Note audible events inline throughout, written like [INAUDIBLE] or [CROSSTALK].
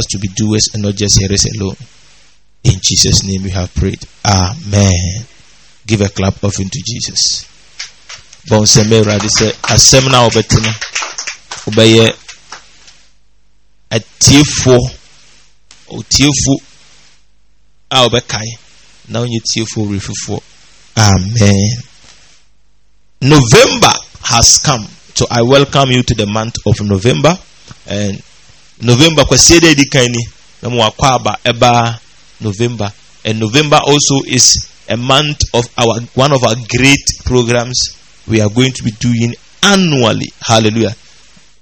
us to be doers and not just hearers alone. In Jesus' name we have prayed. Amen. Give a clap of to Jesus. Bon semera de sɛ asɛm no a wɔbɛte no wobɛyɛ atiefoɔ otiefo a amen november has come so i welcome you to the month of november and november kwasi de edi kan ni na mo akɔ aba ɛbaa november and november also is a month of our one of our great programs we are going to be doing annually hallelujah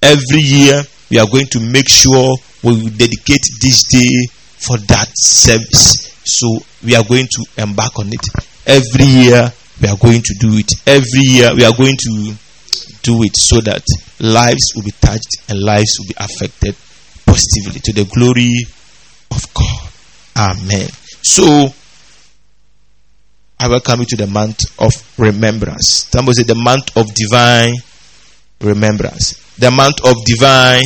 every year we are going to make sure we dedicate this day for that service so we are going to embark on it every year we are going to do it every year we are going to do it so that lives will be touched and lives will be affected positively to the glory of God. Amen. So, I welcome you to the month of remembrance. Somebody say the month of divine remembrance. The month of divine,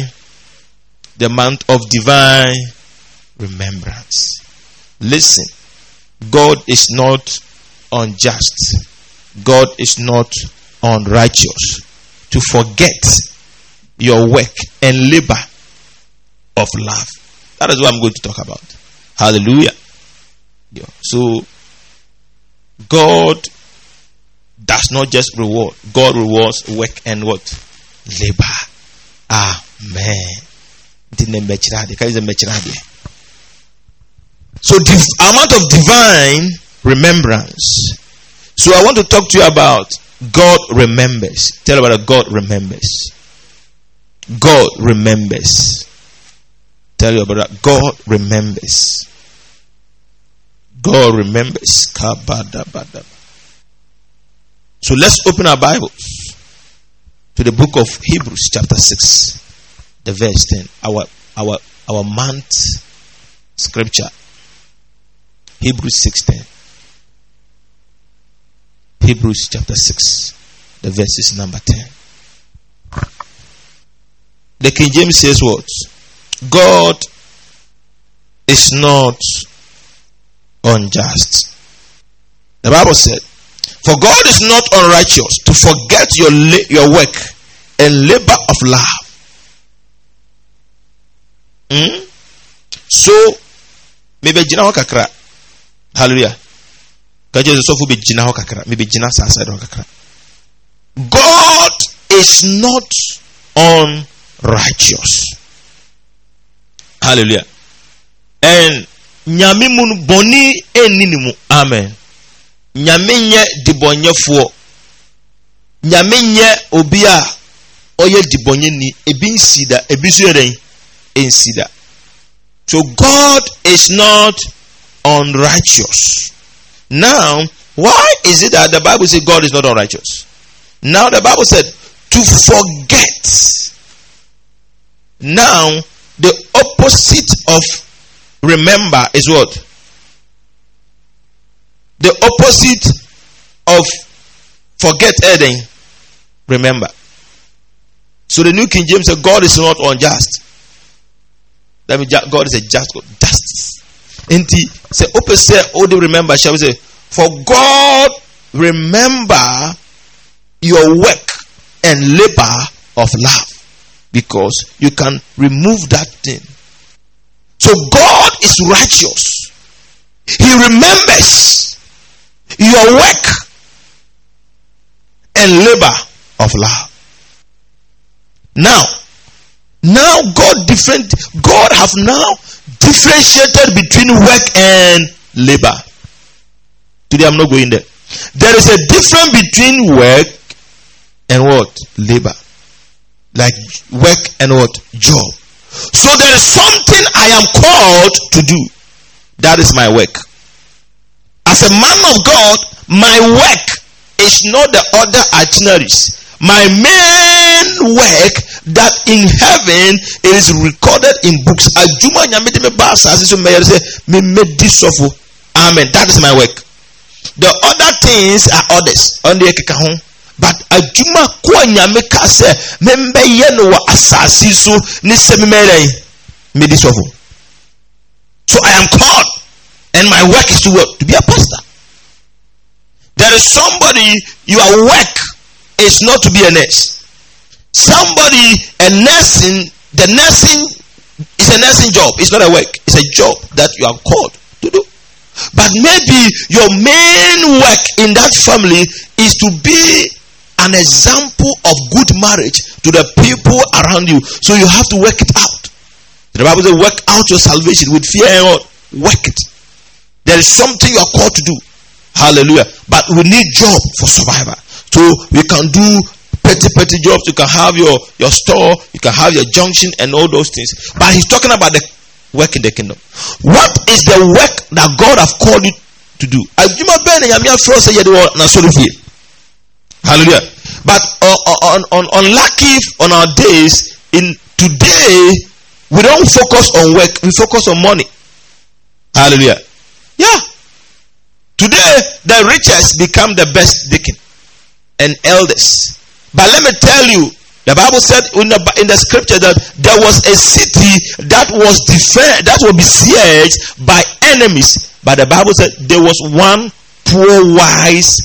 the month of divine remembrance. Listen, God is not unjust. God is not unrighteous to forget your work and labor of love. That is what I'm going to talk about. Hallelujah. Yeah. So, God does not just reward, God rewards work and what? Labor. Amen. So, the amount of divine remembrance. So, I want to talk to you about God remembers. Tell about God remembers. God remembers. Tell your brother, God remembers. God remembers. So let's open our Bibles to the book of Hebrews, chapter 6, the verse 10. Our our our month scripture. Hebrews 6:10. Hebrews chapter 6, the verses number 10. The King James says what? God is not unjust. The Bible said, For God is not unrighteous to forget your, la- your work and labor of love. Hmm? So, maybe jina ho kakra. Hallelujah. jina kakra. Maybe jina sa sa ho kakra. God is not unrighteous. hallelujah And nyame mu no bɔne ɛnni ne mu amen nyame nyɛ dibɔnyɛfoɔ nyame nyɛ obi a ɔyɛ dibɔnyɛni ebi nsi da ebi nso yɛ dɛn nsi da so god is not unrighteous now why is it that the bible say god is not unrighteous now the bible said to forget now the opposite of remember is what? The opposite of forget Eden, remember. So the New King James said, God is not unjust. That means God is a just God. Justice. And he said, Open say, oh, they remember. Shall we say, For God remember your work and labor of love because you can remove that thing. So God is righteous. He remembers your work and labor of love. Now, now God different God have now differentiated between work and labor. Today I'm not going there. There is a difference between work and what? Labor. Like work and what? Job. So there is something I am called to do. That is my work. As a man of God, my work is not the other itineraries. My main work that in heaven is recorded in books. I do me Amen. That is my work. The other things are others but adwuma ko a nyame ka sɛ membɛyɛ no wɔ asase so ne sɛ memɛdɛn medi sɔfo so i am called and my work is to work to be a pastor there is somebody your work is not to be a nurse somebody a nursing the nursing is a nursing job it's not a work it's a job that you are called to do but maybe your main work in that family is to be an example of good marriage to the people around you. So you have to work it out. The Bible says, work out your salvation with fear and all. Work it. There is something you are called to do. Hallelujah. But we need job for survival. So we can do petty, petty jobs. You can have your, your store, you can have your junction and all those things. But he's talking about the work in the kingdom. What is the work that God have called you to do? Hallelujah. But on, on, on lucky on our days, in today, we don't focus on work, we focus on money. Hallelujah. Yeah. Today, the richest become the best deacon and eldest. But let me tell you, the Bible said in the, in the scripture that there was a city that was defend that be sieged by enemies. But the Bible said there was one poor wise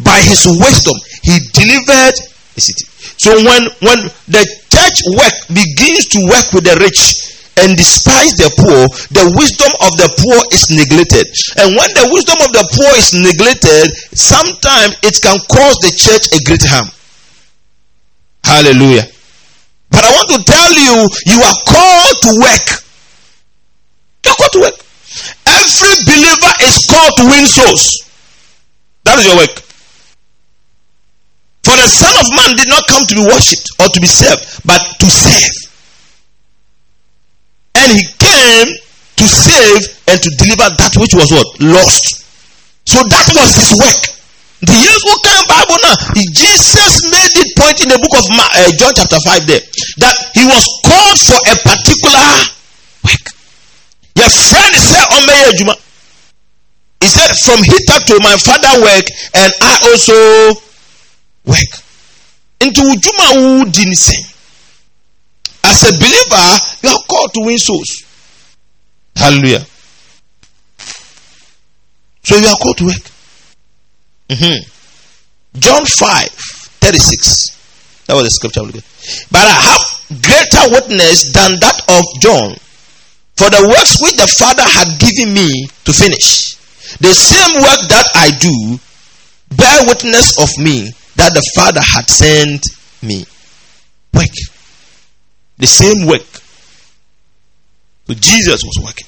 by his wisdom he delivered the city so when when the church work begins to work with the rich and despise the poor, the wisdom of the poor is neglected. And when the wisdom of the poor is neglected, sometimes it can cause the church a great harm. Hallelujah. But I want to tell you, you are called to work. You are called to work. Every believer is called to win souls. That is your work. For the Son of Man did not come to be worshipped or to be served, but to serve. And he came to save and to deliver that which was what? Lost. So that was his work. The years who came Bible now, Jesus made it point in the book of Ma- uh, John chapter 5 there that he was called for a particular work. Your friend said, Juma. He said, From hither to my father work, and I also work nti wo dwuma wo di ne sɛn as a believer you are called to win souls hallelujah so you are called to work mm-hmm. john 5 36 that was the scripture but i have greater witness than that of john for the works which the father had given me to finish the same work that i do bear witness of me that the Father had sent me. Work. The same work. So Jesus was working.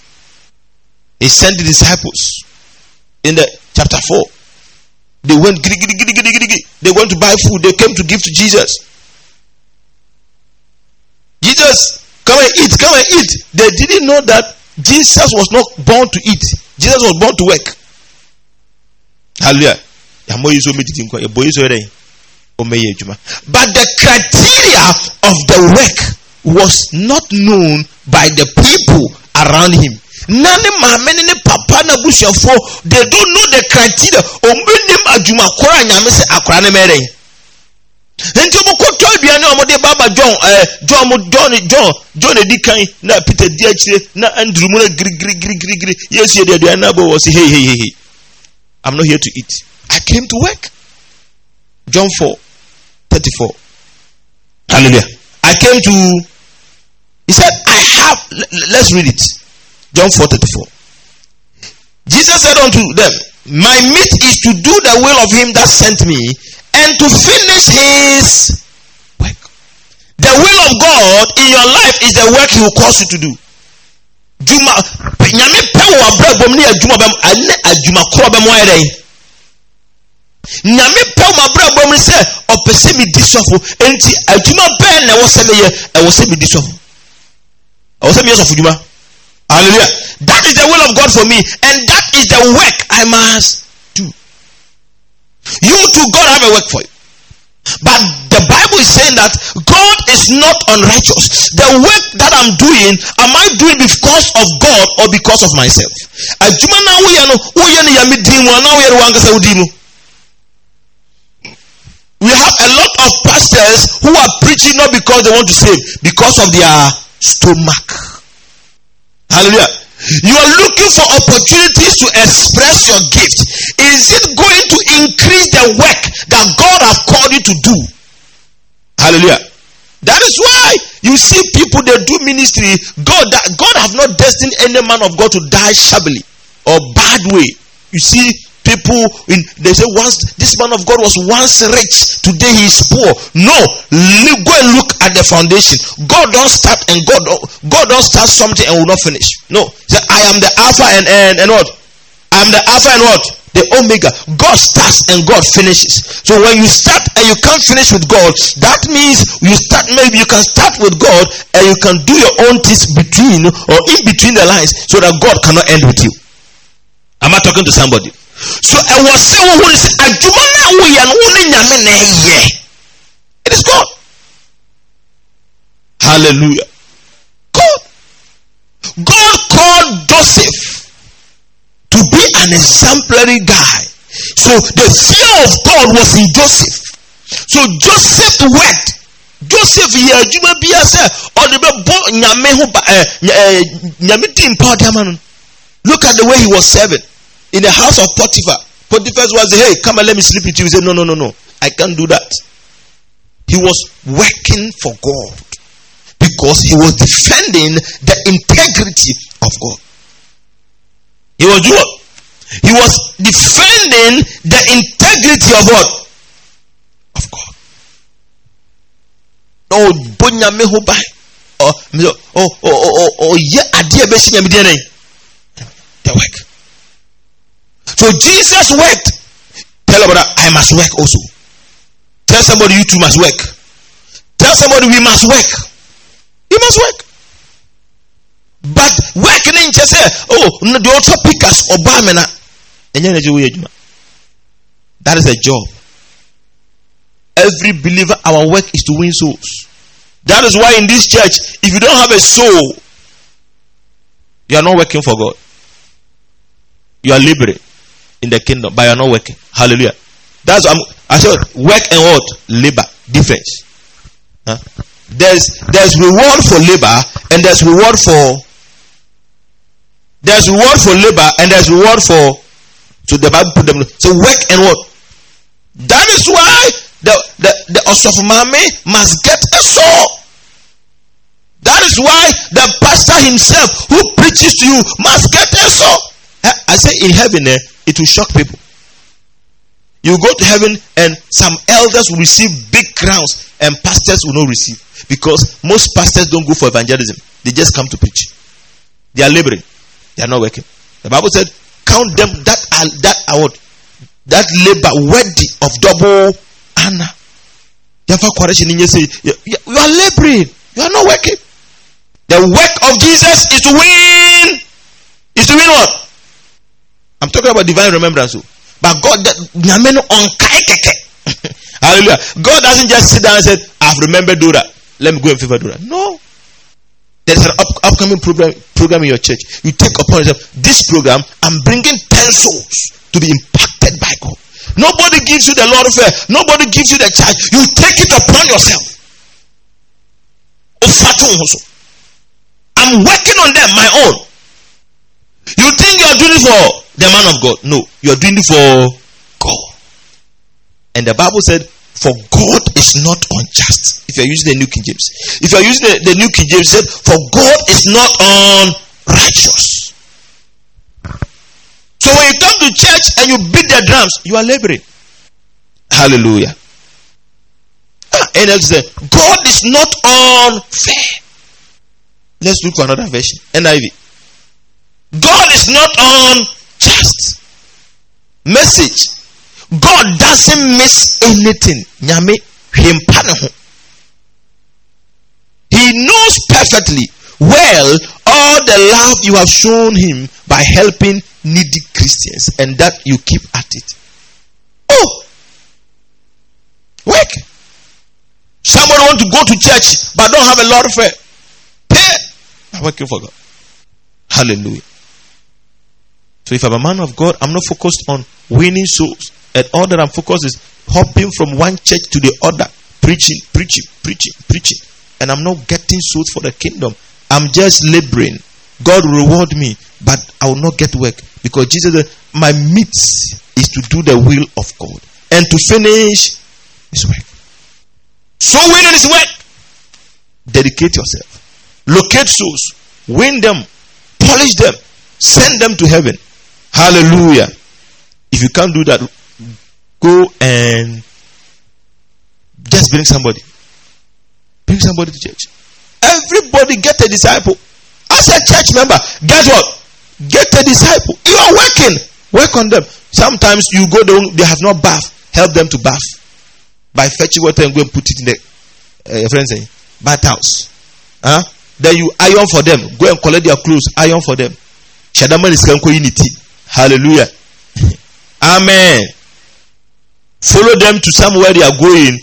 He sent the disciples in the chapter 4. They went giddy, giddy, giddy, giddy, giddy. They went to buy food. They came to give to Jesus. Jesus, come and eat, come and eat. They didn't know that Jesus was not born to eat. Jesus was born to work. Hallelujah. ɔmɛyɛ adwuma but the criteria of the work was not known by the people around him na maame ne papa na abusuafoɔ they don't know the criteria ɔmo bi nim adwumakora a nyame akora ne mɛrɛ nti ɔmo kɔtɔ aduane a de baba john ɛɛ john mo john john john edi kan na peter di akyire na andrew mu na girigirigirigiri yesu yɛ de aduane na abɔ wɔ se hey hey hey i'm not here to eat i came to work john four 34. Hallelujah. I came to, he said, I have, let's read it. John 4 34. Jesus said unto them, My meat is to do the will of him that sent me and to finish his work. The will of God in your life is the work he will cause you to do. Juma, nyame nyame pɛ ma bra mu sɛ ɔpɛ sɛ medi sɔfo enti adwuma bɛɛ na ɛwɔ sɛ meyɛ ɛwɔ sɛ medi sɔfo ɛwɔ sɛ meyɛ sɔfo dwuma hallelujah that is the will of god for me and that is the work i must do you too god have a work for you but the Bible is saying that God is not unrighteous. The work that I'm doing, am I doing because of God or because of myself? Adwuma na woyɛ no woyɛ no yɛ me din mu anaa woyɛ no wankasa wo din mu. We have a lot of pastors who are preaching not because they want to save, because of their stomach. Hallelujah. You are looking for opportunities to express your gift. Is it going to increase the work that God has called you to do? Hallelujah. That is why you see people they do ministry. God that God have not destined any man of God to die shabbily or bad way. You see, people in they say once this man of god was once rich today he is poor no go and look at the foundation god don't start and god god don't start something and will not finish no i am the alpha and, and and what i am the alpha and what the omega god starts and god finishes so when you start and you can't finish with god that means you start maybe you can start with god and you can do your own things between or in between the lines so that god cannot end with you am i talking to somebody so ɛwɔ sɛ wohunu sɛ adwuma no a woyɛ no wo ne nyame na ɛyɛ it is god hallelujah god god called joseph to be an exemplary guy so the fear of god was in joseph so joseph worked joseph yɛ adwuma bia sɛ ɔde bɛbɔ nyame ho ba ɛɛ nyame di mpa ɔde ama no look at the way he was serving in the house of Potiphar. Potiphar was, hey, come and let me sleep with you. He said, no, no, no, no. I can't do that. He was working for God because he was defending the integrity of God. He was doing what? He was defending the integrity of what? Of God. Oh, bonyame ho Oh, oh, oh, oh, oh, yeah, adie be The work. So Jesus worked. Tell about that. I must work also. Tell somebody you too must work. Tell somebody we must work. You must work. But working in just say, oh, no, the also pick us Obama. That is a job. Every believer, our work is to win souls. That is why in this church, if you don't have a soul, you are not working for God. You are liberate in the kingdom, but you are not working. Hallelujah. That's what I'm, I said work and what? Labor. Difference. Huh? There's there's reward for labor and there's reward for there's reward for labor and there's reward for so the Bible put them so work and what? That is why the the, the mommy must get a soul. That is why the pastor himself who preaches to you must get a soul. Eh, I say in heaven, eh, it will shock people. You go to heaven, and some elders will receive big crowns, and pastors will not receive because most pastors don't go for evangelism. They just come to preach. They are laboring. They are not working. The Bible said, "Count them that are that award, that labor worthy of double honor." You are laboring. You are not working. The work of Jesus is to win. Is to win what? I'm talking about divine remembrance. But God, [LAUGHS] hallelujah. God doesn't just sit down and say, I've remembered Dora. Let me go and favor Dora. No. There's an up- upcoming program, program in your church. You take upon yourself this program. I'm bringing 10 souls to be impacted by God. Nobody gives you the Lord fair. Nobody gives you the charge. You take it upon yourself. I'm working on them, my own. You think you're doing it for the man of God. No, you are doing it for God. And the Bible said, For God is not unjust. If you are using the New King James, if you are using the, the New King James, said, For God is not unrighteous. So when you come to church and you beat the drums, you are laboring. Hallelujah. Ah, and else said, God is not unfair. Let's look for another version. NIV. God is not unfair just message god doesn't miss anything nyame hwempa he knows perfectly well all the love you have shown him by helping needy christians and that you keep at it oh wake! somebody want to go to church but don't have a lot of faith Hey, i'm working for god hallelujah so if I'm a man of God, I'm not focused on winning souls. At all that I'm focused is hopping from one church to the other, preaching, preaching, preaching, preaching. And I'm not getting souls for the kingdom. I'm just laboring. God will reward me, but I will not get work. Because Jesus said, My meat is to do the will of God and to finish his work. So win is his work. Dedicate yourself. Locate souls. Win them. Polish them. Send them to heaven. Hallelujah. If you can't do that, go and just bring somebody. Bring somebody to church. Everybody get a disciple. As a church member, guess what? Get a disciple. You are working. Work on them. Sometimes you go down, they have not bath. Help them to bath. By fetching water and go and put it in the uh, your friend saying, eh, bathhouse. Huh? Then you iron for them. Go and collect their clothes. Iron for them. Shadaman is going unity. Hallelujah. Amen. Follow them to somewhere they are going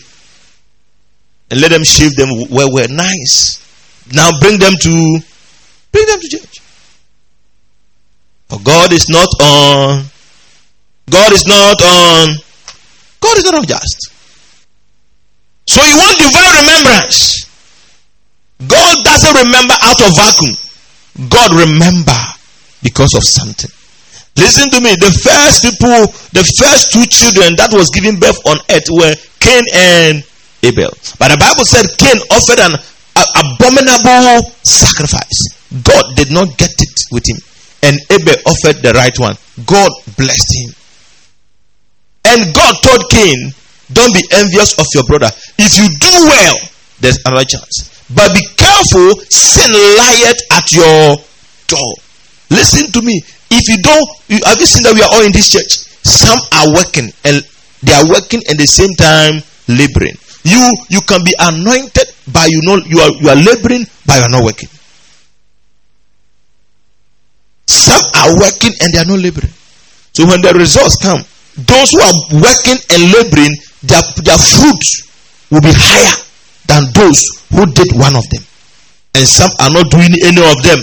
and let them shave them where we're nice. Now bring them to bring them to church. For God is not on God is not on God is not unjust. So you want divine remembrance. God doesn't remember out of vacuum. God remember because of something. Listen to me. The first people, the first two children that was given birth on earth were Cain and Abel. But the Bible said Cain offered an abominable sacrifice. God did not get it with him. And Abel offered the right one. God blessed him. And God told Cain, Don't be envious of your brother. If you do well, there's another chance. But be careful, sin lieth at your door. Listen to me. If you don't, you, have you seen that we are all in this church? Some are working and they are working at the same time laboring. You you can be anointed by you know you are you are laboring but you are not working. Some are working and they are not laboring. So when the results come, those who are working and laboring, their, their fruit will be higher than those who did one of them. And some are not doing any of them.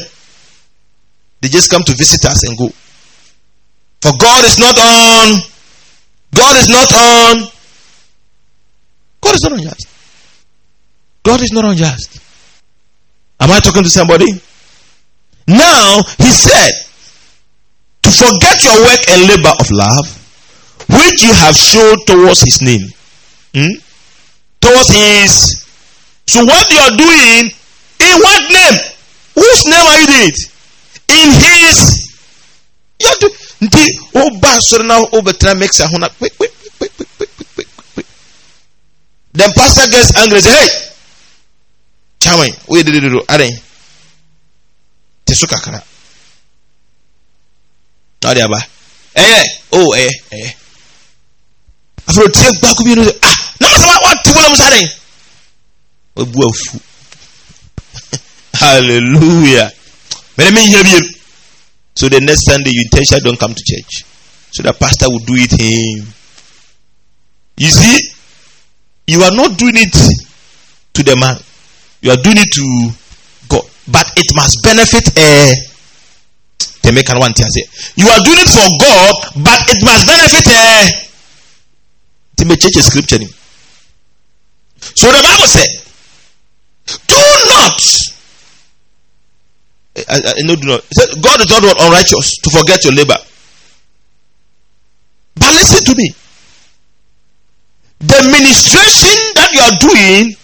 They just come to visit us and go. For God is not on. God is not on. God is not unjust. God is not unjust. Am I talking to somebody? Now, he said, to forget your work and labor of love, which you have showed towards his name. Hmm? Towards his. So, what you are doing, in what name? Whose name are you doing it? in his yɛde nti woba asɔre na wobɛtena mix ho na then pastor gets angry say hey chairman woyɛ dededodo adɛn te so kakra na ɔde aba ɛyɛ o oh, ɛyɛ ɛyɛ afei otie gbaako bi no sɛ ah na wɔn sɛ wɔn ati wɔlɔm sa dɛn wɔbu afu hallelujah mɛrɛ mi nyɛ biem. So the next Sunday, you intentionally don't come to church. So the pastor will do it him. You see, you are not doing it to the man, you are doing it to God. But it must benefit a. The make one to say, You are doing it for God, but it must benefit a. To make change scripture. So the Bible said, Do not I, I, no, do not. Said, God is not unrighteous to forget your labor. But listen to me. The ministration that you are doing,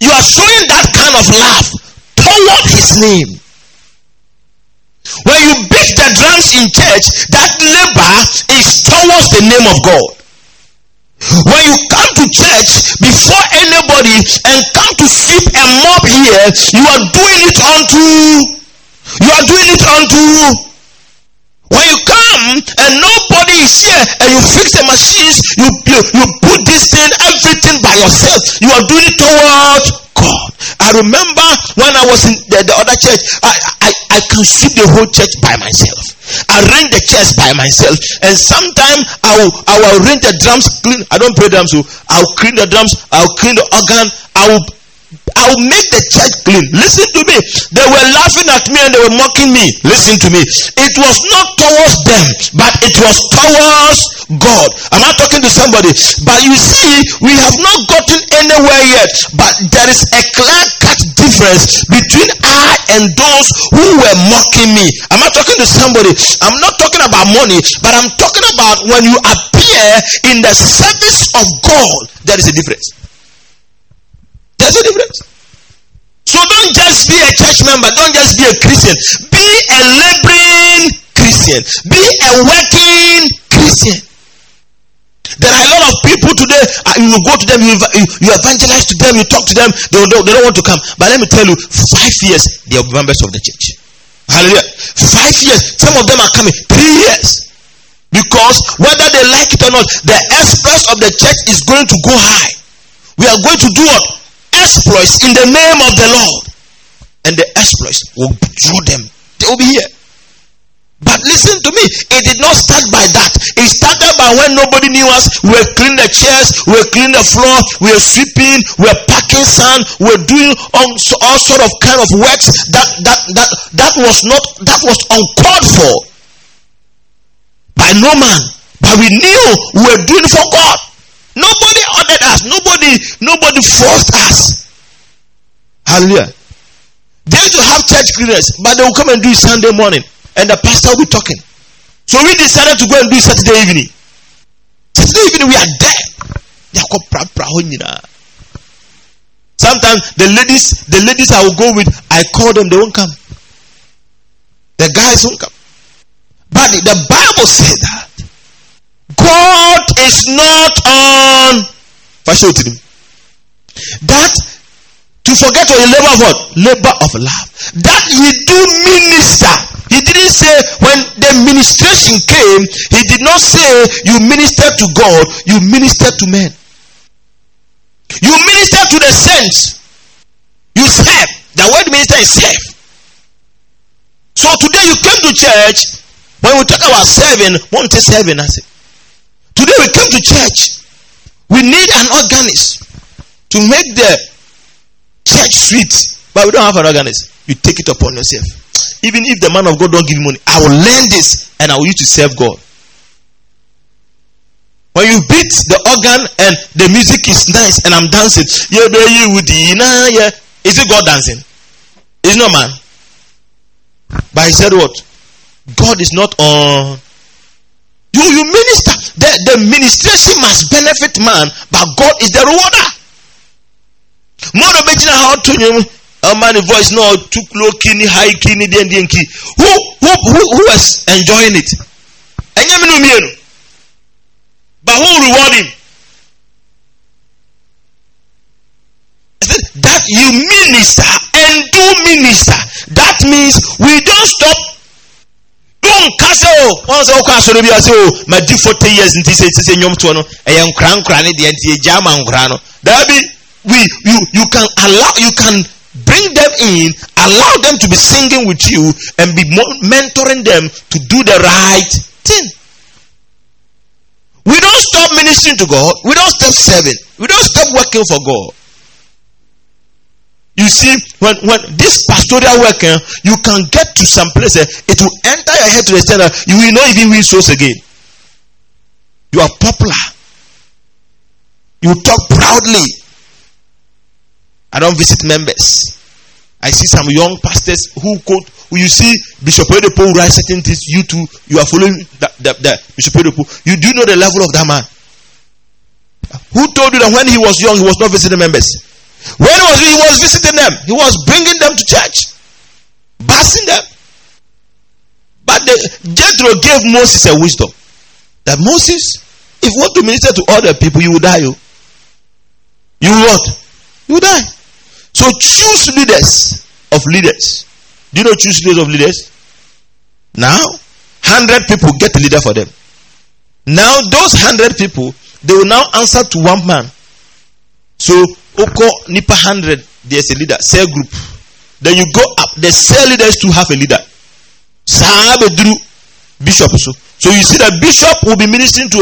you are showing that kind of love toward His name. When you beat the drums in church, that labor is towards the name of God. When you come to church before anybody and come to sweep a mob here, you are doing it unto you are doing it unto when you come and nobody is here and you fix the machines, you, you, you put this thing, everything by yourself. You are doing it towards God. I remember when I was in the, the other church, I, I, I can consumed the whole church by myself. I ran the church by myself. And sometimes I will, I will ring the drums clean. I don't play drums, so oh. I'll clean the drums, I'll clean the organ, I will I'll make the church clean. Listen to me. They were laughing at me and they were mocking me. Listen to me. It was not towards them, but it was towards God. Am I talking to somebody? But you see, we have not gotten anywhere yet. But there is a clear cut difference between I and those who were mocking me. Am I talking to somebody? I'm not talking about money, but I'm talking about when you appear in the service of God, there is a difference. There's a difference. So don't just be a church member, don't just be a Christian. Be a laboring Christian, be a working Christian. There are a lot of people today, uh, you go to them, you, evangelize to them, you talk to them, they, they don't want to come. But let me tell you, five years, they are members of the church. Hallelujah. Five years, some of them are coming, three years. Because whether they like it or not, the express of the church is going to go high. We are going to do what? exploits in the name of the Lord. And the exploits will draw them. They will be here. But listen to me, it did not start by that. It started by when nobody knew us. We were cleaning the chairs, we were cleaning the floor, we were sweeping, we were packing sand, we were doing all, all sort of kind of works that that that that was not that was uncalled for by no man. But we knew we were doing for God. Nobody us. Nobody, nobody forced us. Hallelujah. They have to have church cleaners, but they will come and do it Sunday morning, and the pastor will be talking. So we decided to go and do it Saturday evening. Saturday evening, we are there. Sometimes the ladies, the ladies I will go with, I call them, they won't come. The guys won't come. But the Bible said that God is not on fashion tinim that to forget your labour of what labour of love that he do minister he didn't say when the ministration came he did not say you minister to God you minister to men you minister to the saints you serve the word minister is serve so today you came to church when we talk about serving one thing serving na say today we came to church We need an organist to make the church sweet, but we don't have an organist. You take it upon yourself. Even if the man of God don't give money, I will learn this and I will use to serve God. When you beat the organ and the music is nice and I'm dancing, ah, is it God dancing? It's not man. But he said what? God is not on you, you minister. The, the ministration must benefit man, but God is the rewarder. More of how to him. A man voice no too low key high key kini then then key. Who who who who was enjoying it? But who reward him? That you minister and do minister. That means we don't stop nka sɛ o wɔn sɛ bi ase o ma di forty years nti sɛ sɛ nnwomtoɔ no ɛyɛ nkura nkura ne deɛ nti egya nkura no daabi we you you can allow you can bring them in allow them to be singing with you and be mentoring them to do the right thing we don't stop ministering to god we don't stop serving we don't stop working for god you see, when, when this pastoral work, eh, you can get to some place, eh, it will enter your head to the extent that you will not even win souls again. You are popular. You talk proudly. I don't visit members. I see some young pastors who quote, who you see Bishop Oedipo write certain things, you too, you are following that, that, that Bishop Oedipo. You do know the level of that man. Who told you that when he was young, he was not visiting members? When was he was visiting them? He was bringing them to church, basing them. But the, Jethro gave Moses a wisdom that Moses, if you want to minister to other people, you will die. You, oh. you will what? You will die. So choose leaders of leaders. Do you not choose leaders of leaders? Now, hundred people get a leader for them. Now, those hundred people, they will now answer to one man. So Oko Nipa 100, there's a leader, cell group. Then you go up, the cell leaders to have a leader. Sahabe Drew, Bishop. So, so you see that Bishop will be ministering to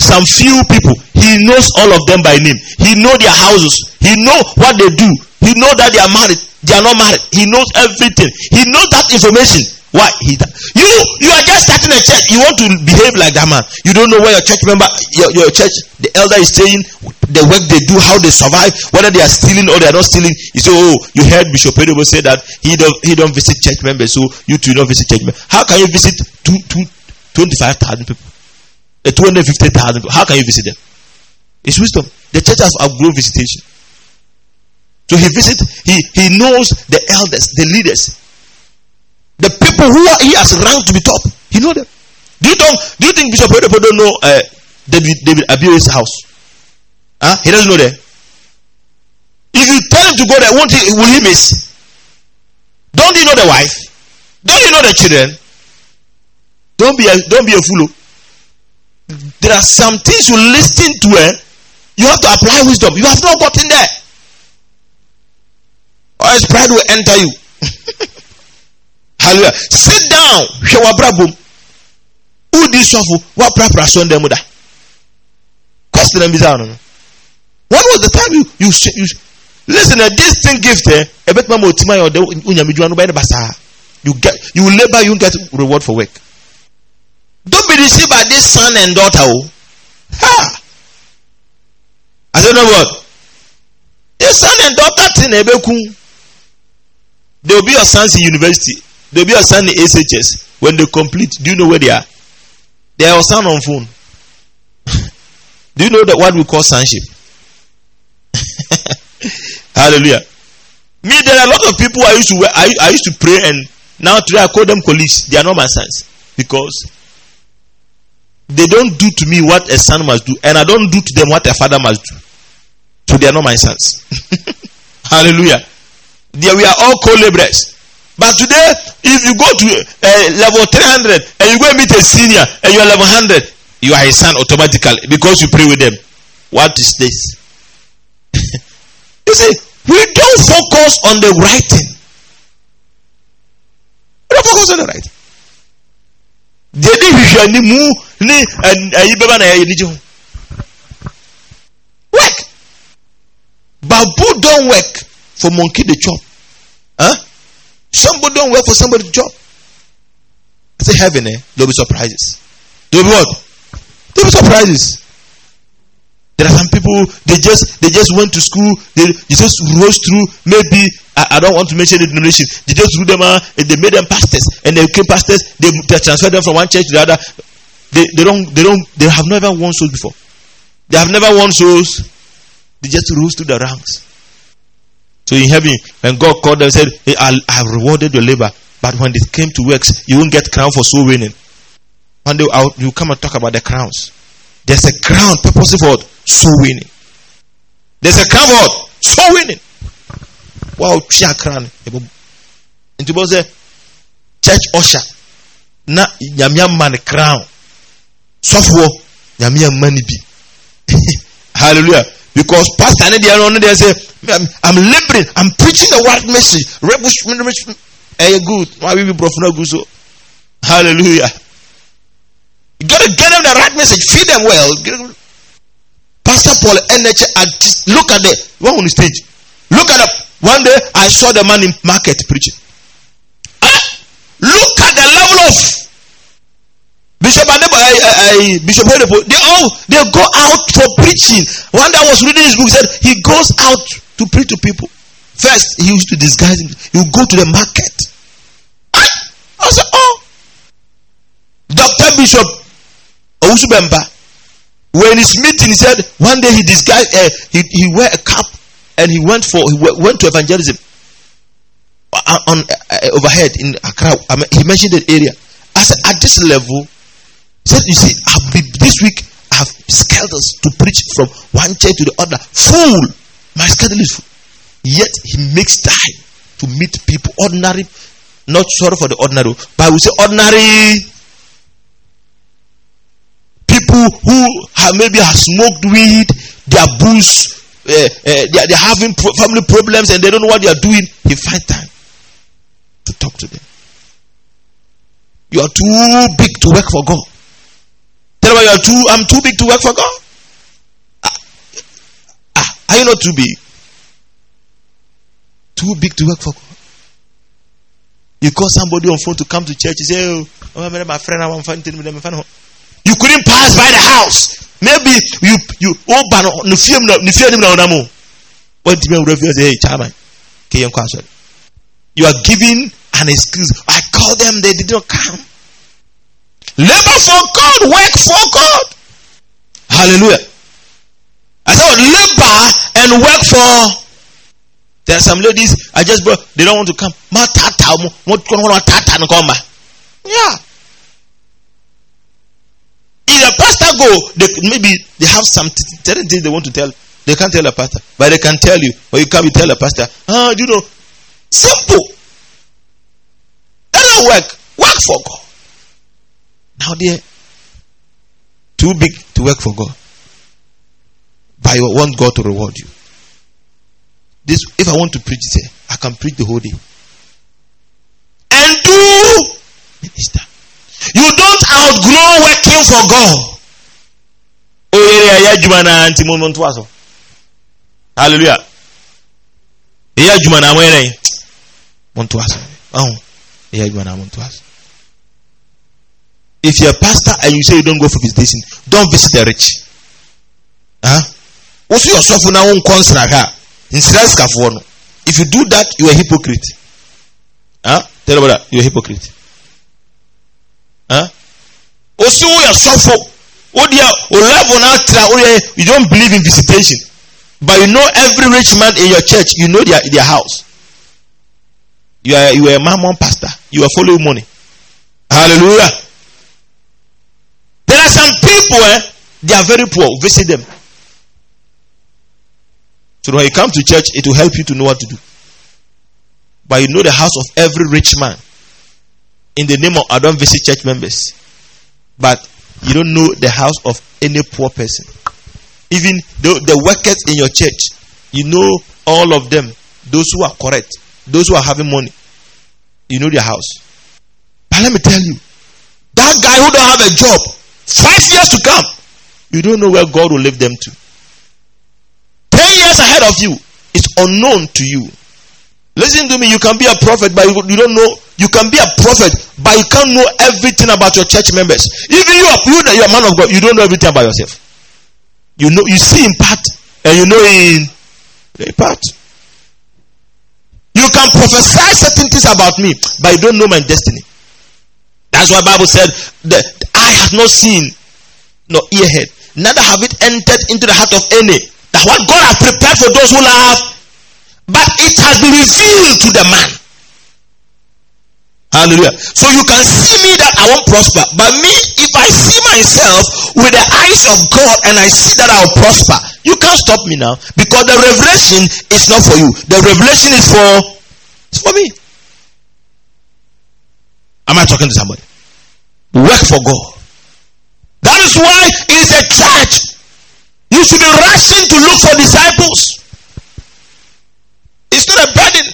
some few people. He knows all of them by name. He know their houses. He know what they do. He know that they are married. They are not married. He knows everything. He knows that information. Why? He you you are just starting a church. You want to behave like that man. You don't know where your church member, your, your church, the elder is staying, the work they do, how they survive, whether they are stealing or they are not stealing. You say, oh, you heard Bishop Pedro say that he don't he don't visit church members, so you too don't visit church members. How can you visit two two twenty five thousand people, the two hundred fifty thousand people? How can you visit them? It's wisdom. The church has outgrown visitation. So he visit. He he knows the elders, the leaders. The people who are, he has ranked to be top, he know them. Do you, don't, do you think Bishop people don't know uh, David, David Abire's house? Huh? He doesn't know there. If you tell him to go there, won't he, will he miss? Don't you know the wife? Don't you know the children? Don't be a, don't be a fool. There are some things you listen to. Eh? You have to apply wisdom. You have not gotten there. Or else pride will enter you. [LAUGHS] hallelujah sit down hwɛ w'abrabɔ mu wodi sɔfo w'aprapra so ndan mu da question na mbisa ano no was the time you you you listen na eh, this thing gift eh ma o yɛ ɔdɛ no bɛyɛ ne basaa you get you labour you get reward for work don't be deceived by this son and daughter o oh. ha i say no word this son and daughter thing na ebe kun they will be your sons in university They'll be assigned the SHS. When they complete, do you know where they are? They are assigned on phone. [LAUGHS] do you know that what we call sonship? [LAUGHS] Hallelujah. Me, there are a lot of people I used to I, I used to pray and now today I call them colleagues. They are not my sons because they don't do to me what a son must do, and I don't do to them what a father must do. So they are not my sons. [LAUGHS] Hallelujah. They, we are all co-laborers. But today, if you go to uh, level 300 and you go meet a senior and you are level 100, you are his son automatically because you pray with them. What is this? [LAUGHS] you see, we don't focus on the writing. We don't focus on the writing. Dede hwehwɛ ni mu ni eh, eh, Work. Babu don't work for monkey the chop. Huh? Somebody don't work for somebody's job. I say heaven, eh? There'll be surprises. There'll be what? There'll be surprises. There are some people they just they just went to school, they, they just rose through maybe I, I don't want to mention the denomination. They just threw them out and they made them pastors and they became pastors, they, they transferred them from one church to the other. They, they don't they don't they have never won souls before. They have never won souls. They just rose through the ranks. So in heaven, when God called them, said, hey, I have rewarded your labor. But when it came to works, you won't get crown for soul winning. One day I'll, you come and talk about the crowns. There's a crown purpose for soul winning. There's a crown for soul winning. Wow, chia crown. And people say, church usher. Na nyamia man crown. Software nyamia money be. [LAUGHS] Hallelujah. Because Pastor Nidi Aaron they say, I'm, I'm laboring, I'm preaching the word message. Rebush, eh, good. Why we be good so? Hallelujah. You gotta get them the right message. Feed them well. Pastor Paul NH look at the one on the stage. Look at the one day I saw the man in market preaching. Ah, look at the level of Bishop Adeba, uh, uh, Bishop Hedefo, they all they go out for preaching. One that was reading his book said he goes out to preach to people. First, he used to disguise him. He would go to the market. I, I said, oh, Doctor Bishop Ousubemba, when his meeting, he said one day he disguised, uh, he he wear a cap and he went for he went to evangelism uh, on uh, uh, overhead in Accra. I mean, he mentioned the area. I said, at this level, said, You see, this week I have scheduled us to preach from one church to the other. Full. My schedule is full. Yet he makes time to meet people. Ordinary, not sorry for the ordinary, but we say ordinary people who have maybe have smoked weed, booze, uh, uh, they, are, they are having pro- family problems and they don't know what they are doing. He finds time to talk to them. You are too big to work for God. Tell them you are too, I'm too big to work for God. Ah, ah, are you not too big? Too big to work for God. You call somebody on phone to come to church. You say, oh, oh my friend, I want to find You couldn't pass by the house. Maybe you, you, oh, but no, fear him, no fear him, no, no, What do you mean, hey, chairman? You are giving an excuse. I called them, they did not come. Labor for God, work for God. Hallelujah. I said, labor and work for. There are some ladies I just brought, they don't want to come. Yeah. If a pastor go, they, maybe they have some certain things they want to tell. They can't tell a pastor, but they can tell you. Or you can't tell a pastor, Ah, you know, simple. That don't work. Work for God. Now they're too big to work for God. But I want God to reward you. This, if I want to preach this, eh, I can preach the whole day. And do minister. You don't outgrow working for God. Hallelujah. Eya If you're a pastor and you say you don't go for visitation, don't visit the rich. Huh? If you do that, you're a hypocrite. Huh? Tell about that. You're a hypocrite. Huh? You don't believe in visitation. But you know every rich man in your church, you know their, their house. You are you are a mammon pastor. You are following money. Hallelujah. There are some people, eh, they are very poor. Visit them. So when you come to church, it will help you to know what to do. But you know the house of every rich man. In the name of, I don't visit church members. But you don't know the house of any poor person. Even the, the workers in your church, you know all of them. Those who are correct, those who are having money, you know their house. But let me tell you, that guy who don't have a job, Five years to come, you don't know where God will leave them to. Ten years ahead of you is unknown to you. Listen to me, you can be a prophet, but you don't know. You can be a prophet, but you can't know everything about your church members. Even you, you are a man of God, you don't know everything about yourself. You know, you see in part, and you know in, in part. You can prophesy certain things about me, but you don't know my destiny. That's why Bible said the, eye has not seen, nor ear heard, neither have it entered into the heart of any. That what God has prepared for those who love, but it has been revealed to the man. Hallelujah. So you can see me that I won't prosper. But me, if I see myself with the eyes of God and I see that I'll prosper, you can't stop me now. Because the revelation is not for you. The revelation is for, it's for me. Am I talking to somebody? Work for God. That is why it's a church. You should be rushing to look for disciples. It's not a burden.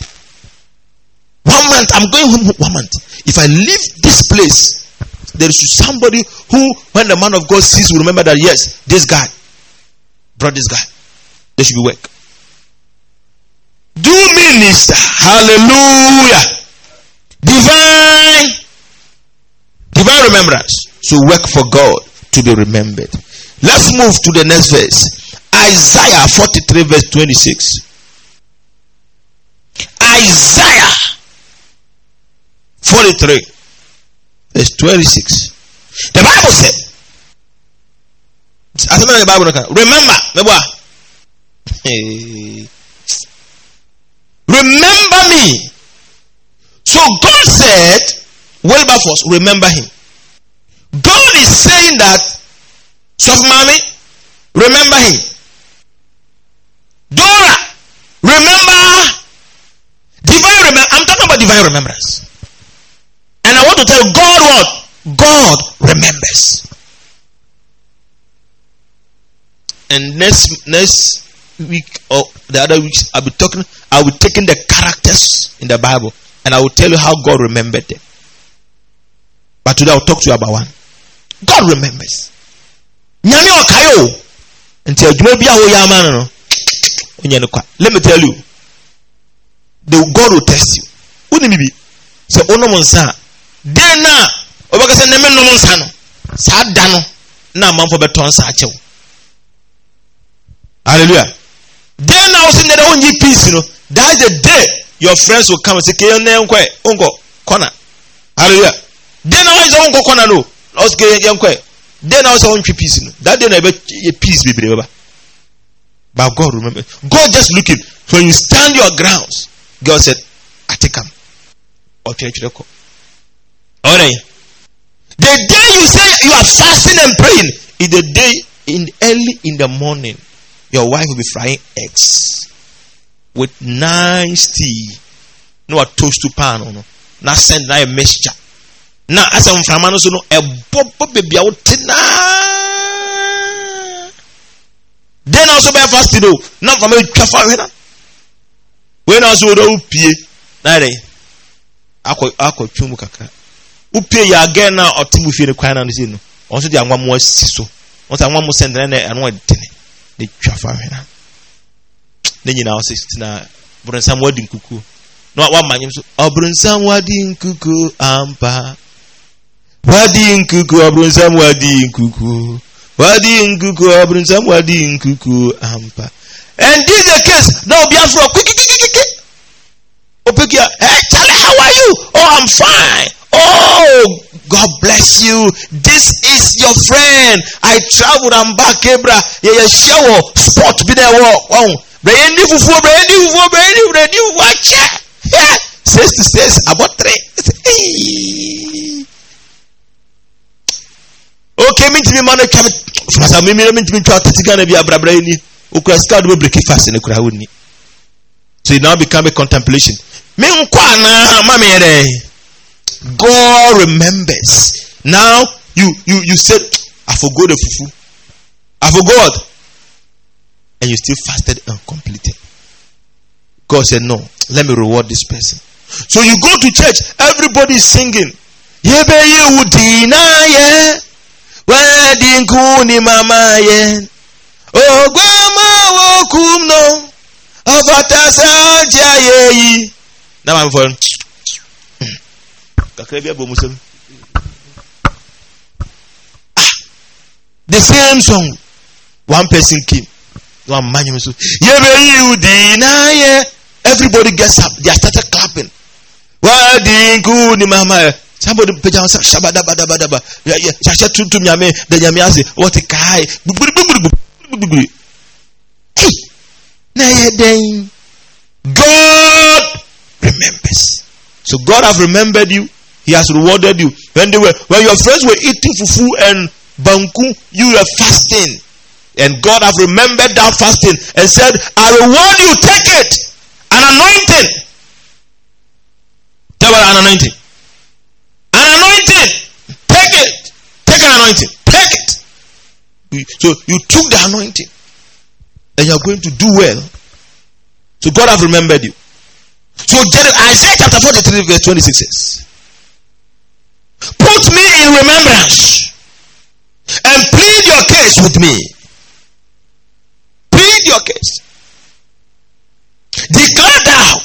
One month, I'm going home one month. If I leave this place, there is somebody who, when the man of God sees, will remember that yes, this guy brought this guy. There should be work. Do minister. Hallelujah. Divine. Divine remembrance. So work for God to be remembered. Let's move to the next verse Isaiah 43, verse 26. Isaiah 43, verse 26. The Bible said, Bible Remember, [LAUGHS] remember me. So God said, Wilberforce, remember him. God God is saying that, Soft Mommy, remember him. Dora, remember divine remembrance. I'm talking about divine remembrance. And I want to tell God what? God remembers. And next next week or the other week, I'll be talking, I'll be taking the characters in the Bible and I will tell you how God remembered them. But today I'll talk to you about one. god remembers nyame ɔkae o nti adwuma bi a woyɛ ama no no wonyɛ no kwa let me tell you the god will test you wonim bi sɛ wonom nsa a den no a wɔbɛka sɛ neme nom nsa no saa da no na amanfoɔ bɛtɔ nsa akyɛ wo hallelujah den no a wosi nnɛdɛ wonyi peace no that is the day your friends will come and say keyɛ nnɛ nkɔ ɛ nkɔ kɔna hallelujah den no a wɔyɛ sɛ wonkɔ kɔna no na ɔsi kɛ yɛn kɔɛ den na ɔsi wɔn twi peace that day na yɛ bɛ peace bebree bɛba but God remember God just looking when you stand your grounds God said ati kam ɔtwerɛtwerɛ kɔ ɔrɛ Alright. the day you say you are fasting and praying is the day in early in the morning your wife will be frying eggs with nice tea no a toast to pan on no na send na a mixture. na asɛ mframa no so no ɛbɔbɔ beebi a wote naa den na ɔso bɛyɛ fast do na mframa etwa fa hwɛ na wei na ɔso wɔdɔ wopie na yɛrɛ akɔ akɔ twɛn mu kakra wopie yɛ agɛn na ɔte mu fie no kwan na no si no ɔnso de anwa mu asi so ɔnso anwa mu sɛntɛn na ɛno ɛdene ne twa fa hwɛ na ne nyinaa ɔsi tena boronsam wadi nkukuo na wama nyim so ɔboronsam wadi nkukuo ampa. wadi nkuku ọ bụrụ nsọ m wadi nkuku wadi nkuku ọ bụrụ nsọ m wadi nkuku ampa and this is the case na obi afro kwikikikiki opeke ya hey Charlie how are you oh I'm fine oh God bless you this is your friend I travel and back Ebra yeye shewo sport bi na ẹwọ ọhún bẹyẹ ndi fufuo bẹyẹ ndi fufuo bẹyẹ ndi fufuo bẹyẹ ndi fufuo akyẹ six to six about three. [LAUGHS] okay mintimi ma no twa fasa twa tete bi abrabra ni okura sika do break fast ne kura woni so it now become a contemplation me nkɔ anaa ma me god remembers now you you you said i forgot the fufu i forgot and you still fasted and completed god said no let me reward this person so you go to church everybody is singing yebe yewu dinaa yɛ. wedding ni mama yẹn ògbó máa wo kùm nù ọkọ ọjẹ ayé yìí. náà máa ń fọ kakra bi abọ musom the same song one person came one man came so yebe yiwu di na everybody gets up they are started clapping wadi nku ni mama yẹ. Somebody shabada bada page and say, Shabadaba, Dabadaba, tum to Yame, the Yamiazi, what a kai. Hey! God remembers. So God have remembered you. He has rewarded you. When they were when your friends were eating fufu and banku, you were fasting. And God have remembered that fasting and said, I reward you, take it. An anointing. Tell about an anointing. An anointing. Take it. Take an anointing. Take it. So you took the anointing and you are going to do well. So God have remembered you. So Isaiah chapter 43, verse 26 says, Put me in remembrance and plead your case with me. Plead your case. Declare thou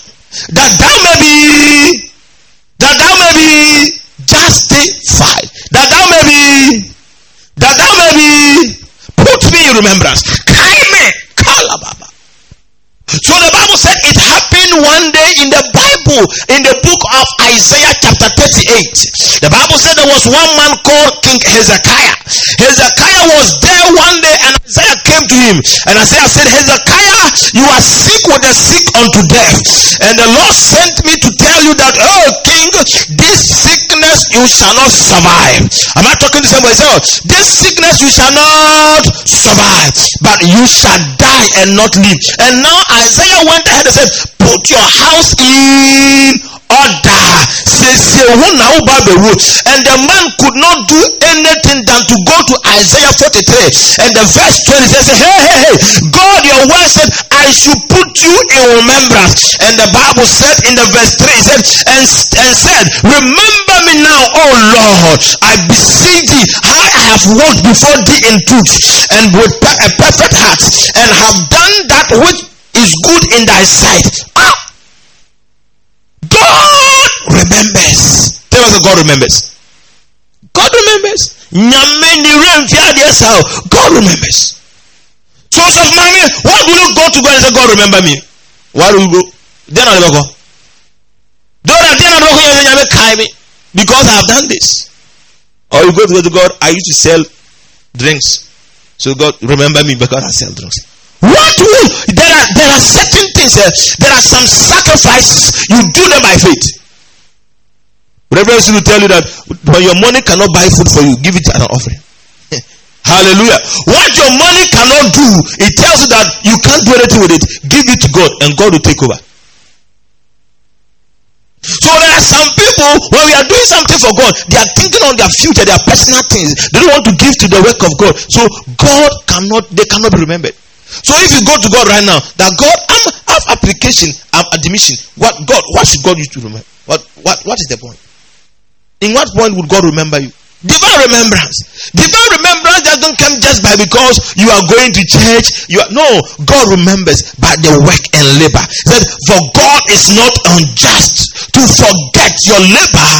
that thou may be, that thou may be justified. That thou may be, that thou may be put me in remembrance. Kaime kalababa. So the Bible said it happened one day in the Bible, in the book of Isaiah chapter 38. The Bible said there was one man called King Hezekiah. Hezekiah was there one day and Isaiah came to him. And Isaiah said, Hezekiah, you are sick with the sick unto death. And the Lord sent me to tell you that, oh king, this sickness you shall not survive. Am I talking to somebody? So, this sickness you shall not survive, but you shall die and not live. And now Isaiah went ahead and said, put your house in order sese wo na wo ba bẹ̀rù and the man could not do anything than to go to Isaiah forty three and the verse twenty says hey hey hey God your word said I should put you in remembrance and the bible said in the verse three said and, and said remember me now O Lord I beseech thee how I have walked before thee in truth and with a perfect heart and have done that which is good in thy sight. Ah! God remembers. Tell us that God remembers. God remembers. God remembers. So of money, why will you go to God and say, God remember me? Why will you go? Then I'll go. Because I have done this. Or you go to God, I used to sell drinks. So God, remember me because I sell drinks. What will there are there are certain things uh, there are some sacrifices you do them by faith. else will tell you that when your money cannot buy food for you, give it an offering. [LAUGHS] Hallelujah. What your money cannot do, it tells you that you can't do anything with it. Give it to God, and God will take over. So there are some people when we are doing something for God, they are thinking on their future, their personal things. They don't want to give to the work of God. So God cannot, they cannot be remembered. So if you go to God right now, that God, I'm have application, I'm admission. What God? What should God use to remember? What? What? What is the point? In what point would God remember you? Divine remembrance. Divine remembrance doesn't come just by because you are going to church. You are no God remembers by the work and labor. That for God is not unjust to forget your labor,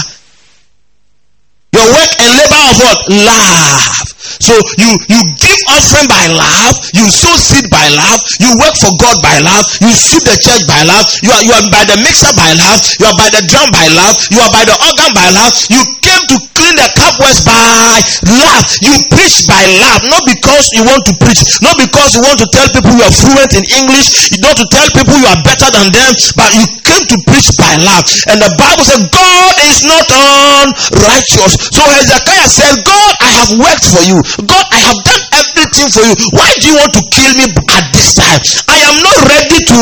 your work and labor of what love so you you give offering by love, you sow seed by love, you work for God by love, you see the church by love, you are you are by the mixer by love, you are by the drum by love, you are by the organ by love. You came to clean the cobwebs by love. You preach by love, not because you want to preach, not because you want to tell people you are fluent in English, you don't to tell people you are better than them, but you came to preach by love. And the Bible said, God is not unrighteous. So Hezekiah said, God, I have worked for you you? God, I have done everything for you. Why do you want to kill me at this time? I am not ready to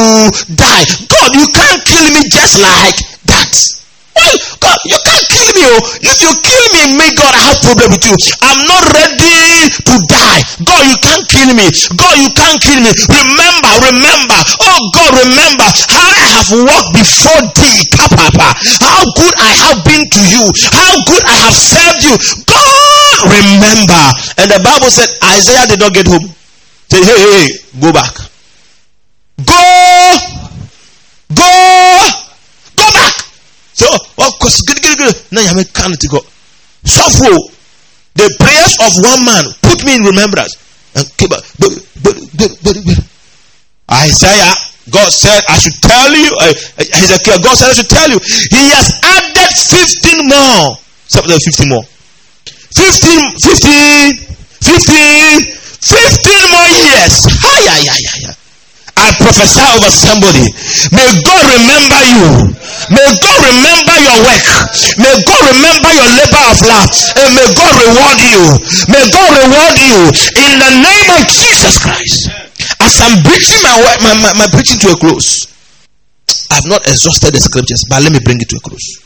die. God, you can't kill me just like that. Why, God, you can't kill me. Oh. If you kill me, may God, I have problem with you. I'm not ready to die. God, you can't kill me. God, you can't kill me. Remember, remember. Oh God, remember how I have walked before thee, Kapapa. How good I have been to you. How good I have served you. God, remember. And the Bible said Isaiah did not get home. Say, hey, hey, hey, go back. Go, go, go back. So, of course, good, you have a can to go. The prayers of one man put me in remembrance. And keep up. Isaiah, God said, I should tell you. said, uh, God said, I should tell you. He has added 15 more. Chapter 15 more. fifteen fifteen fifteen fifteen more years hayayaya I prophesy over somebody may God remember you may God remember your work may God remember your labor of love and may God reward you may God reward you in the name of Jesus Christ as I'm preaching my my, my, my preaching to a close I've not exhausted the scriptures but let me bring it to a close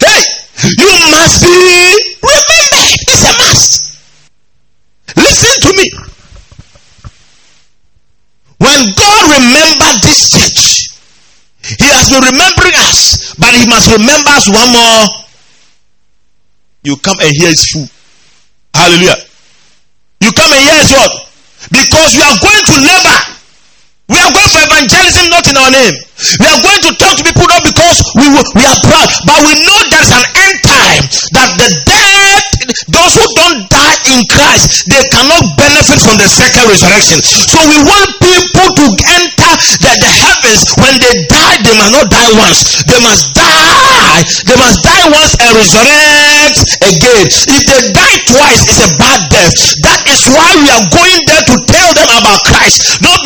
hey You must be It's a must. Listen to me. When God remembered this church, He has been remembering us, but He must remember us one more. You come and hear His food. Hallelujah. You come and hear His word. Because you are going to labor. We are going for evangelism, not in our name. We are going to talk to people not because we, we are proud, but we know there is an end time that the dead, those who don't die in Christ, they cannot benefit from the second resurrection. So we want people to enter the, the heavens. When they die, they must not die once. They must die. They must die once and resurrect again. If they die twice, it's a bad death. That is why we are going there to tell them about Christ, not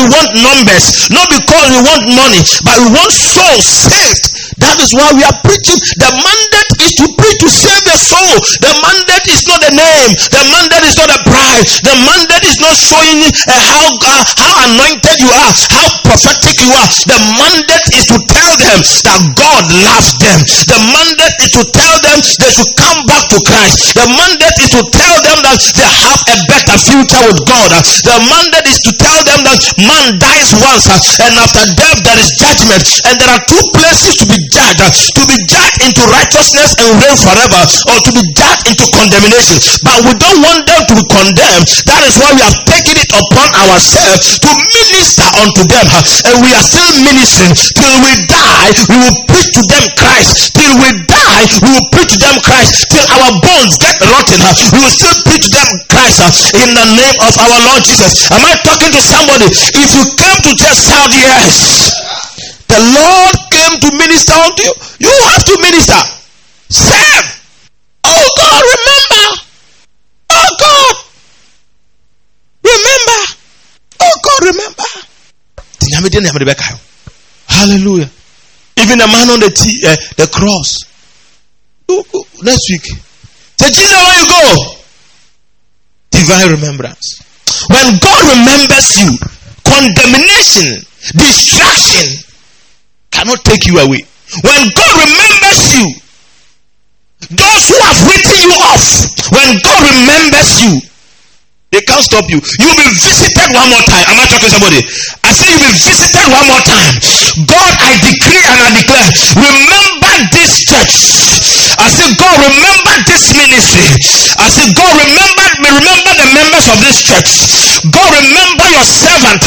we want numbers, not because we want money, but we want souls saved. That is why we are preaching. The mandate is to preach to save the soul. The mandate is not the name. The mandate is not a bride. The mandate is not showing uh, how uh, how anointed you are, how prophetic you are. The mandate is to tell them that God loves them. The mandate is to tell them they should come back to Christ. The mandate is to tell them that they have a better future with God. The mandate is to tell them that man dies once, uh, and after death there is judgment. And there are two places to be judged uh, to be judged into righteousness and reign forever, or to be judged into condemnation. But we don't want them to be condemned. That is why we have taken it upon ourselves to minister unto them. Uh, and we are still ministering till we die. We will preach to them Christ till we die die, we will preach them Christ till our bones get rotten. We will still preach them Christ uh, in the name of our Lord Jesus. Am I talking to somebody? If you came to just sound yes, the Lord came to minister unto you. You have to minister. Serve. Oh God, remember. Oh God, remember. Oh God, remember. Hallelujah. Even the man on the, t- uh, the cross next week. Say, Jesus, where you go? Divine remembrance. When God remembers you, condemnation, distraction cannot take you away. When God remembers you, those who have written you off, when God remembers you, they can't stop you. You'll be visited one more time. Am I talking to somebody? I say you'll be visited one more time. God, I decree and I declare, remember this church. I said, God, remember this ministry. I said, God, remember, remember the members of this church. God, remember your servant.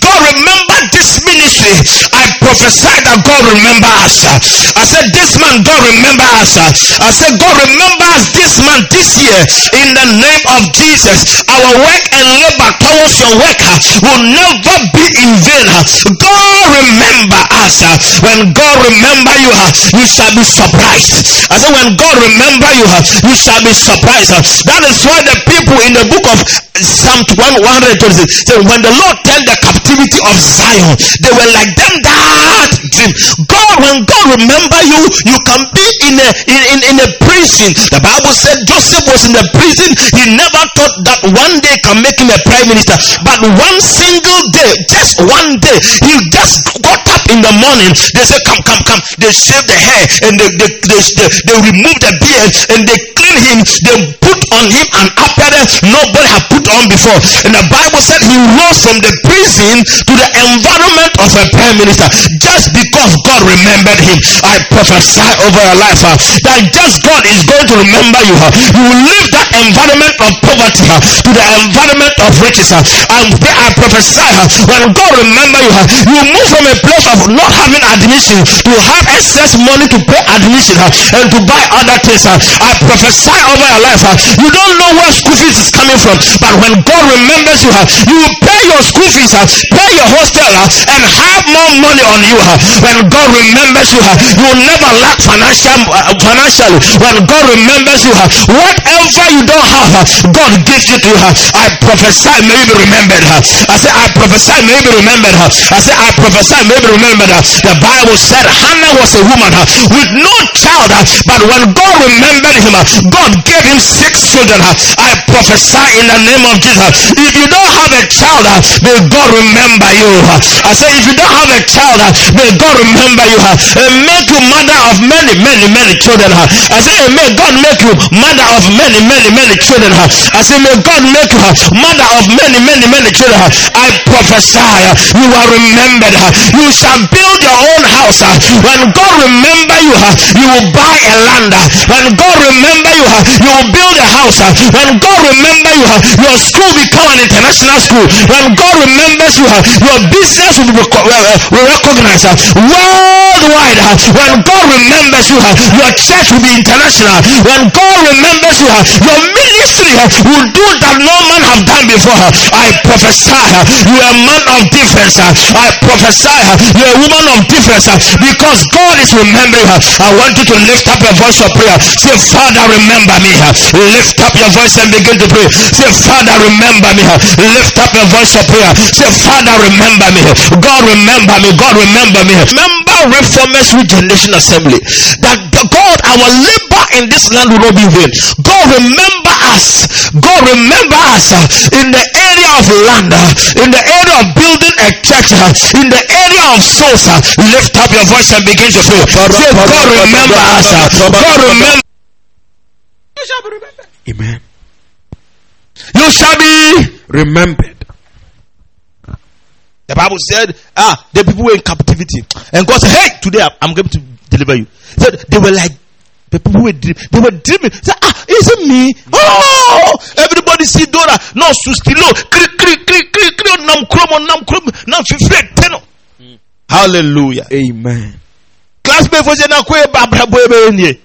God, remember this ministry. I prophesied that God remember us. I said, this man, God remember us. I said, God remember us this man, this year, in the name of Jesus. Our work and labor towards your work will never be in vain. God remember us. When God remember you, you shall be surprised. I said, say when God remember you, you shall be surprised. That is why the people in the book of Psalm 126 When the Lord turned the captivity of Zion, they were like them that dream. God, when God remember you, you can be in a in, in, in a prison. The Bible said Joseph was in the prison. He never thought that one day can make him a prime minister. But one single day, just one day, he just got up in the morning. They said, Come, come, come. They shaved the hair and they they, they, they, they removed the beard and they clean him. They on him an apparel nobody had put on before. And the Bible said he rose from the prison to the environment of a prime minister just because God remembered him. I prophesy over your life uh, that just God is going to remember you. Uh, you will leave that environment of poverty uh, to the environment of riches. Uh, and I prophesy uh, when God remember you, uh, you move from a place of not having admission to have excess money to pay admission uh, and to buy other things. Uh, I prophesy over your life uh, you don't know where school fees is coming from. But when God remembers you, you will pay your school fees, pay your hostel, and have more money on you. When God remembers you, you will never lack uh, financially. When God remembers you, whatever you don't have, God gives it to you. I prophesy, may you be remembered. I say, I prophesy, may you be remembered. I say, I prophesy, may you be remembered. The Bible said Hannah was a woman with no child, but when God remembered him, God gave him six children, uh, I prophesy in the name of Jesus. If you don't have a child, uh, may God remember you. I say, if you don't have a child, uh, may God remember you and make you mother of many, many, many children. I say, may God make you mother of many, many, many children. I say, may God make you mother of many, many, many children. I prophesy, you are remembered. You shall build your own house. When God remember you, you will buy a land. When God remember you, you will build a house, uh, when God remember you, uh, your school will become an international school. When God remembers you, uh, your business will be recognized worldwide. When God remembers you, your church will be international. When God remembers you, your ministry will do that no man have done before. I prophesy you are a man of difference. I prophesy you are a woman of difference because God is remembering her. I want you to lift up a voice of prayer. Say, Father, remember me. Lift lift up your voice and begin to pray. Say, Father, remember me. Lift up your voice of prayer. Say, Father, remember me. God, remember me. God, remember me. Remember Reformers Regeneration Assembly. That God, our labor in this land will not be vain. God, remember us. God, remember us uh, in the area of land, uh, in the area of building a church, uh, in the area of souls. Lift up your voice and begin to pray. Say, God, remember us. God, remember shall be remembered. Amen. You shall be remembered. The Bible said, ah, the people were in captivity. And God said, hey, today I'm going to deliver you. He said they were like, the people were dreaming. They were dreaming. He said, ah, is it me? Oh, everybody see Dora. No, sustilo. Krik, krik, krik, krik, krik. Oh, nam kromo, oh, nam kromo, nam fifre, teno. Oh. Hmm. Hallelujah. Amen. Class me for say na kwe babra boye be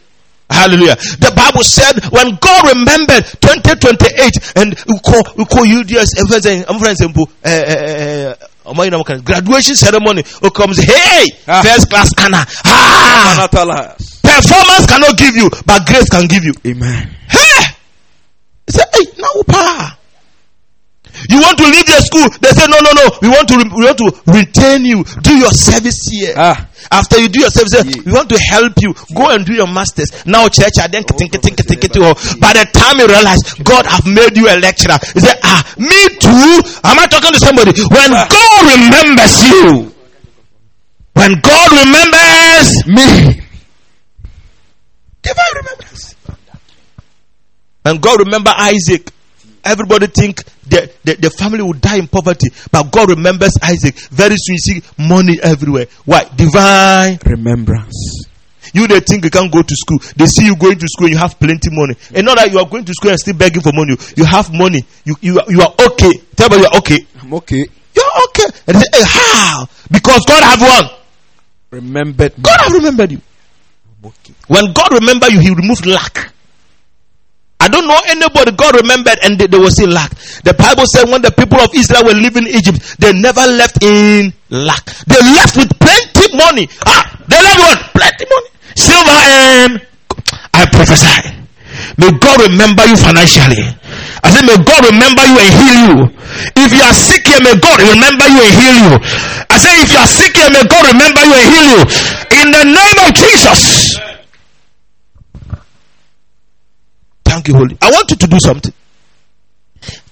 Hallelujah. The Bible said when God remembered 2028 and call eh, eh, eh, you graduation ceremony who comes hey ah. first class Anna ah, performance cannot give you but grace can give you amen hey he say, hey now pa you want to leave the school they say no no no we want to we want to retain you do your service here ah after you do your service, yeah. we want to help you. Go and do your masters. Now, church, I then think, think, think, think, oh. By the time you realize, God, have made you a lecturer. You say, ah, me too. Am I talking to somebody? When ah. God remembers you, when God remembers me, divine remembrance. When God remember Isaac, everybody think the, the, the family will die in poverty. But God remembers Isaac. Very soon you see money everywhere. Why? Divine remembrance. You they think you can't go to school. They see you going to school you have plenty money. And not that you are going to school and still begging for money. You have money. You you are, you are okay. Tell me you are okay. I'm okay. You're okay. And they say, hey, how? Because God have one. Remembered me. God have remembered you. I'm okay. When God remember you, He removed lack. I don't know anybody God remembered and they, they were still lack. The Bible said when the people of Israel were leaving Egypt, they never left in lack. They left with plenty money. Ah, they left with plenty money. Silver and I prophesy. May God remember you financially. I say, may God remember you and heal you. If you are sick here, may God remember you and heal you. I say, if you are sick here, may God remember you and heal you. In the name of Jesus. Thank you, Holy. I want you to do something.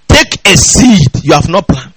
Take a seed you have not planted